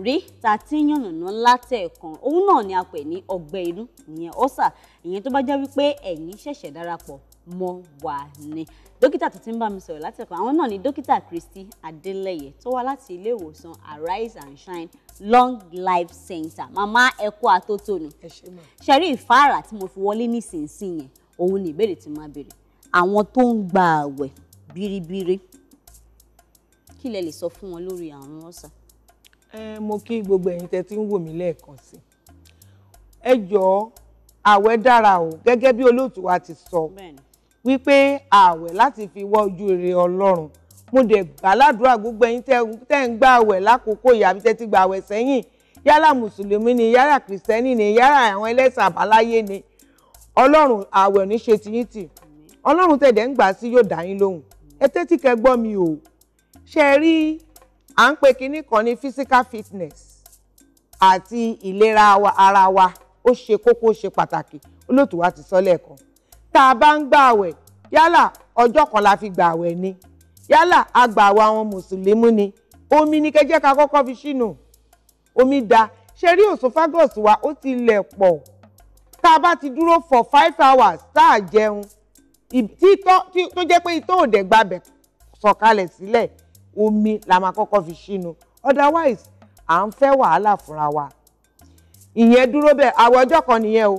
rí ta ti ń yànnàná látẹ̀ẹ̀kan òun náà ni a pè ní ọgbẹ́ inú ìyẹn ọ́sà ìyẹn tó bá jẹ́ wípé ẹ̀yin ṣẹ̀ṣẹ̀ darapọ̀ mọ́ wa ni dókítà tó ti ń bá mi sọ̀rọ̀ látẹ̀ẹ̀kan àwọn náà ni dókítà Christy Adeleye tó wá láti ilé ìwòsàn Arise and Shine Long Life Center màmá ẹ̀kọ́ àtótónu ṣẹ̀rí ìfáàrà tí mo fi wọlé nísinsìnyẹn òun ni ìbéèrè tí máa béèrè àwọn tó ń gba àwẹ̀ bíríbírí kí lẹ lè sọ fún wọn lórí àrùn ọ̀sà mo kí gbogbo ẹ̀yin tẹ́ ti ń wò mí lẹ́ẹ̀kan sí ẹ jọ̀ọ́ àwẹ̀ dára o gẹ́gẹ́ bí olóòtú wa ti sọ wípé àwẹ̀ láti fi wọ́ ojú rere Ọlọ́run mo dẹ̀ gbàládùúrà gbogbo ẹ̀yin tẹ́ ń gba àwẹ̀ lákòókò yìí àbí tẹ́ ti gba àwẹ̀ sẹ́yìn yálà mùsùlùmí ni yálà kìrìsìtẹ́nì ni yálà àwọn ẹlẹ́sìn àbáláyé ni Ọlọ́run àwẹ̀ ní ṣe tiyín tì Ọlọ́run tẹ̀dẹ̀ ń gbà sí yóò dá yín lóhùn ẹ tẹ́tí kẹ́ gbọ́ mi o ṣe rí à ń pè kinní kan ní physical fitness àti ìlera ara wa ó ṣe kókó ó ṣe pàtàkì olóòtú wa ti sọ lẹ́ẹ̀kan tá a bá ń gbà àwẹ̀ yálà ọjọ́ kan la fi gbà àwẹ̀ ni yálà a gbà àwẹ̀ àwọn mùsùlùmí ni omi ni kẹjẹ́ ká kọ́kọ́ fi ṣìnù omi da ṣe rí òsófágọ́ọ̀sì wa ó ti lẹ̀ pọ̀ tá a bá ti dúró for five hours tá a jẹun tí tó jẹ́ pé itó òdẹ̀gbàbẹ̀ sọ̀kalẹ̀ sílẹ̀ omi la máa kọ́kọ́ fi sínú otherwise à ń fẹ́ wàhálà fúnra wa ìyẹn dúró bẹ́ẹ̀ àwẹ̀ ọjọ́ kan nìyẹn o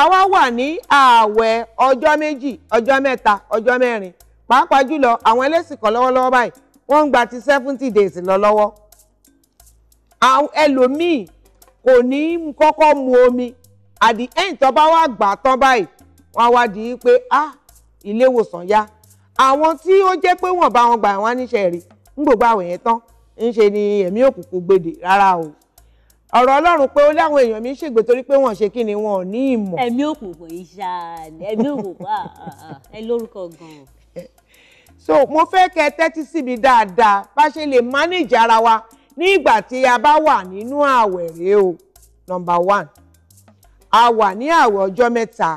àwa wà ní ààwẹ̀ ọjọ́ méjì ọjọ́ mẹ́ta ọjọ́ mẹ́rin pàápàá jùlọ àwọn ẹlẹ́sìn kan lọ́wọ́lọ́wọ́ báyìí wọ́n ń gba ti seventy days lọ lọ́wọ́ ẹlòmíì kò ní kọ́kọ́ mu omi at the tó bá wà gbà tán báyìí wọ́n á wá di pé ah ilé ìwòsàn yá àwọn tí ó jẹ́ pé wọ́n bá wọn gbà wọ́n á níṣẹ́ rí ń gbogbo àwẹ̀ yẹn tán ń ṣe ni ẹ̀mí òkùnkùn gbèdè rárá o ọ̀rọ̀ ọlọ́run pé ó láwọn èèyàn mi ń ṣègbè torí pé wọ́n ṣe kí ni wọn ò ní ìmọ̀. ẹ̀mí òkùnkùn ìṣá ẹ̀mí òkùnkùn ah, ah, ah, ẹ lórúkọ gan-an. so mo fẹ́ kẹ́ tẹ́tí sí dáadáa bá ṣe lè manage ara wa ní ìgbà tí a bá wà nínú àwẹ̀ rèé o number one a wà ní àwẹ̀ ọjọ́ mẹ́ta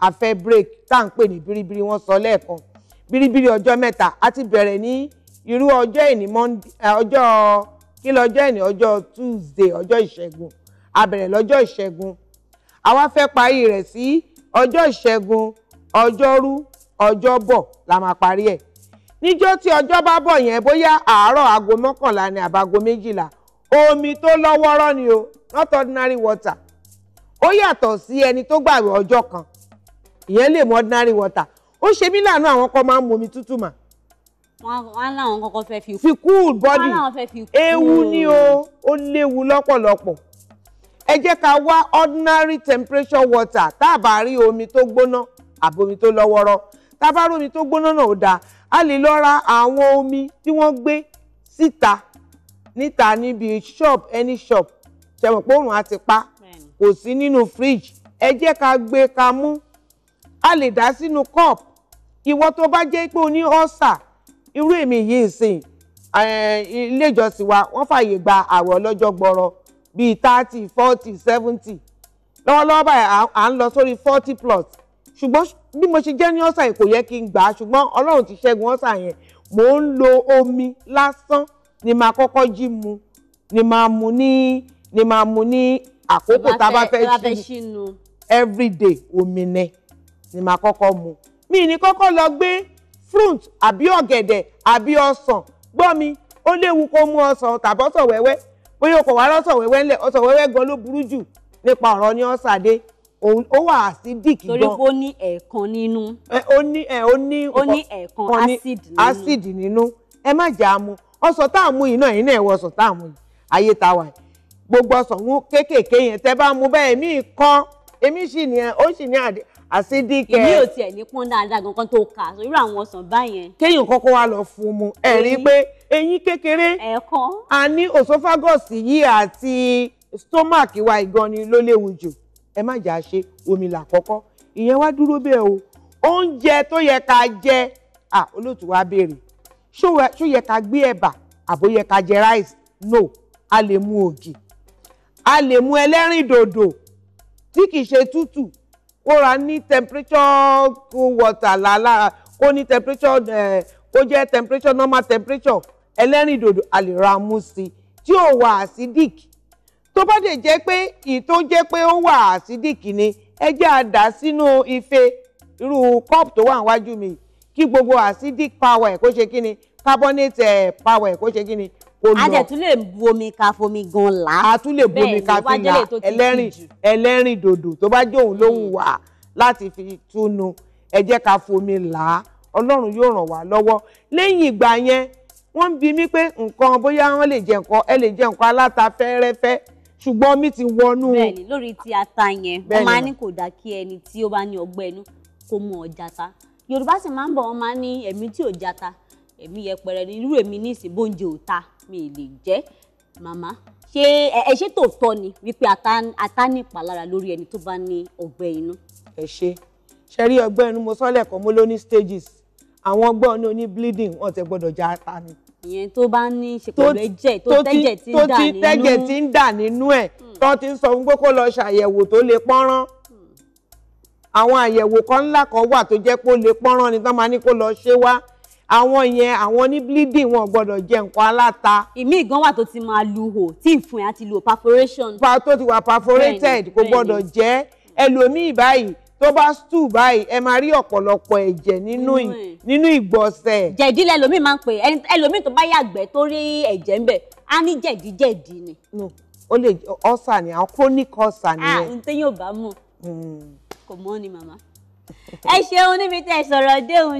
a break tá à ń pè ní biribiri wọ́n sọ lẹ́ẹ̀kan biribiri ọjọ́ mẹ́ta a ti bẹ̀rẹ̀ ní irú ọjọ́ ìní ọjọ́ kí lọ́jọ́ ìní ọjọ́ Tuesday ọjọ́ ìṣẹ́gun a bẹ̀rẹ̀ lọ́jọ́ ìṣẹ́gun àwa fẹ́ parí rẹ̀ sí ọjọ́ ìṣẹ́gun ọjọ́rú ọjọ́bọ̀ la máa parí ẹ̀ níjọ́ tí ọjọ́ bá bọ̀ yẹn bóyá àárọ̀ aago mọ́kànlá ni àbágo méjìlá omi tó lọ́wọ́rọ́ ni o not ordinary water ó yàtọ̀ sí ẹni tó gbàgbé ọjọ́ kan ìyẹn lè mu ordinary water ó ṣe mí láàánú àwọn kan máa ń mu omi tútù mà wọn làwọn kọ́kọ́ fẹ́ fi kú fi cool body ewu ni o ó léwu lọ́pọ̀lọpọ̀ ẹ jẹ́ ká wá ordinary temperature water tá a bá rí omi tó gbóná àbí omi tó lọ́wọ́rọ́ tá a bá rí omi tó gbóná náà ó dáa a lè lọ ra àwọn omi tí wọ́n gbé síta níta níbi shop any shop ṣẹ̀wọ̀n pé òòrùn á ti pa kò sí nínú fridge ẹ jẹ́ ká gbé e ká mú a lè dá sínú cup ìwọ tó bá jẹ́ pé o ní ulcer irú èmi yìí sìn ilé ìjọsìn wa wọ́n fààyè gba àwẹ̀ ọlọ́jọ́ gbọrọ bíi thirty forty seventy lọ́wọ́lọ́wọ́ báyìí à ń lọ sórí forty plus ṣùgbọ́n bí mo ṣe jẹ́ ní ọ̀sà yìí kò yẹ kí n gbà á ṣùgbọ́n Ọlọ́run ti ṣẹ́gun ọ̀sà yẹn mò ń lo omi lásán ni màá kọ́kọ́ jí mu ni màá mu ní ni màá mu ní àkókò tá a bá fẹ́ ṣínú everyday omi nẹ ni màá kọ́kọ́ mu mi ní kọ́kọ́ lọ gbé fruit àbí ọ̀gẹ̀dẹ̀ àbí ọsàn gbọ́ mi ó léwu kó mú ọsàn tàbọ́sàn wẹ́wẹ́ bóyá o kò wá lọ́sàn wẹ́wẹ́ ńlẹ̀ ọsàn wẹ́wẹ́ gan ló burú jù nípa ọ̀rọ̀ ní ọ̀sàdé ó wà acidic gan. torí pé ó ní ẹ̀ẹ̀kan nínú. ó ní ẹ̀ẹ̀kan acid nínú. ẹ má jẹ́ àmú ọsàn tá à mú yìí náà yìí náà ẹ̀wọ̀ ọsàn tá à mú yìí ayé ta wà gbogbo ọsàn kéékèèké yẹn tẹ́ bá mú bẹ́ẹ̀ mí kọ́ èmi sì ní ó sì ní àsídìkẹ. èmi ò tiẹ̀ ní pọ́n dáadáa gangan tó kà á irú àwọn ọsàn báyẹn. kéèyàn kọ́kọ́ wá lọ fún mu ẹ̀rí pé eyín kékeré ẹ̀ẹ̀kan a ní esophagus yìí àti stomach wa ìgànnì ló léwu jù ẹ má jà ṣe omi là kọ́kọ́ ìyẹn wá dúró bẹ́ẹ̀ o oúnjẹ tó yẹ ká jẹ à olóòtú wa béèrè ṣó yẹ ká gbé ẹ̀bà àbó yẹ ká jẹ rice no a lè mu ògì a lè mu ẹlẹ́rìndòdò tí kì í ṣe tútù kó ra ní temperature water lára kó ní temperature ẹ eh, kó jẹ́ temperature normal temperature ẹlẹ́rìndòdò a lè ra mú sí tí ò wà acidic tó bá dẹ̀ jẹ́ pé ì tó jẹ́ pé ó wà acidic ni ẹ jẹ́ á sínú ife irú cup tó wà níwájú mi kí gbogbo acidic power ẹ̀ kó ṣe kí ni carbonate ẹ̀ eh, power ẹ̀ kó ṣe kí ni kó lọ. a dẹ̀ tún lè bu omi ka fomi gan la. a tún lè bu omi ka fi la ẹlẹ́rìn ẹlẹ́rìn dòdò tó bá jẹ́ òun lóhùn hmm. wá láti fi túnu ẹ jẹ́ ká fomi là á ọlọ́run yóò ràn wá lọ́wọ́ lẹ́yìn ìgbà yẹn wọ́n ń bi mí pé nǹkan bóyá wọ́n lè jẹ nǹkan ẹ lè jẹ nǹkan aláta fẹ́rẹ́fẹ́ ṣùgbọ́n mi ti wọnú. bẹ́ẹ̀ni lórí ti ata yẹn wọ́n máa ní kò dá kí ẹni tí ó bá ní ọgbẹ́ inú kó mọ ọjà ta yorùbá sì máa ń bọ̀ wọ́n máa ní ẹ̀mí tí ò jata ẹ̀mí yẹpẹrẹ ní irú èmi ní ìsìn bóúnjẹ ò ta mi ì lè jẹ màmá ṣé ẹ ṣé tòótọ́ ni wípé ata ní ìpalára lórí ẹni tó bá ní ọgbẹ́ inú. ẹ ṣe ṣe rí ọgbẹ́ inú mo sọ́lẹ̀ kan mo ló ní stages àwọn ọgbẹ́ inú ní bleeding wọn ti gbọ́dọ̀ já ata ni. ìyẹn tó bá ní ṣe pẹ̀lú tó tẹ́jẹ̀ tí ń dà nínú. ẹ̀ hmm. tó ti ń sọ fún pé lọ ṣàyẹ̀wò tó le pọ́nrán hmm. àwọn àyẹ̀wò kan ńlá kan wà tó jẹ́ kó le pọ́nrán ni tán máa ní kó lọ ṣe wá àwọn yẹn àwọn ní bleeding wọn gbọ́dọ̀ jẹ nǹkan aláta. ìmí gan wà tó ti máa lu hò tí ìfun yẹn á lu perforation. pa tó ti wà perforated kò gbọ́dọ̀ jẹ ẹlòmíì báyìí tó bá stool báyìí ẹ máa rí ọ̀pọ̀lọpọ̀ ẹ̀jẹ̀ nínú nínú ìgbọ̀nsẹ̀. jẹ̀dí lẹlòmíì máa ń pè ẹlòmíì tó bá yàgbẹ́ tó rí ẹ̀jẹ̀ ń bẹ̀ á ní jẹ̀díjẹ̀dí ni. ó lè ọ̀sà ni àwọn chronic ọ̀sà ni. à ń tẹ́yìn bá hmm. mọ̀ kò mọ́ ni màmá. ẹ ṣeun níbi tẹ́ ẹ sọ̀rọ̀ dé òun.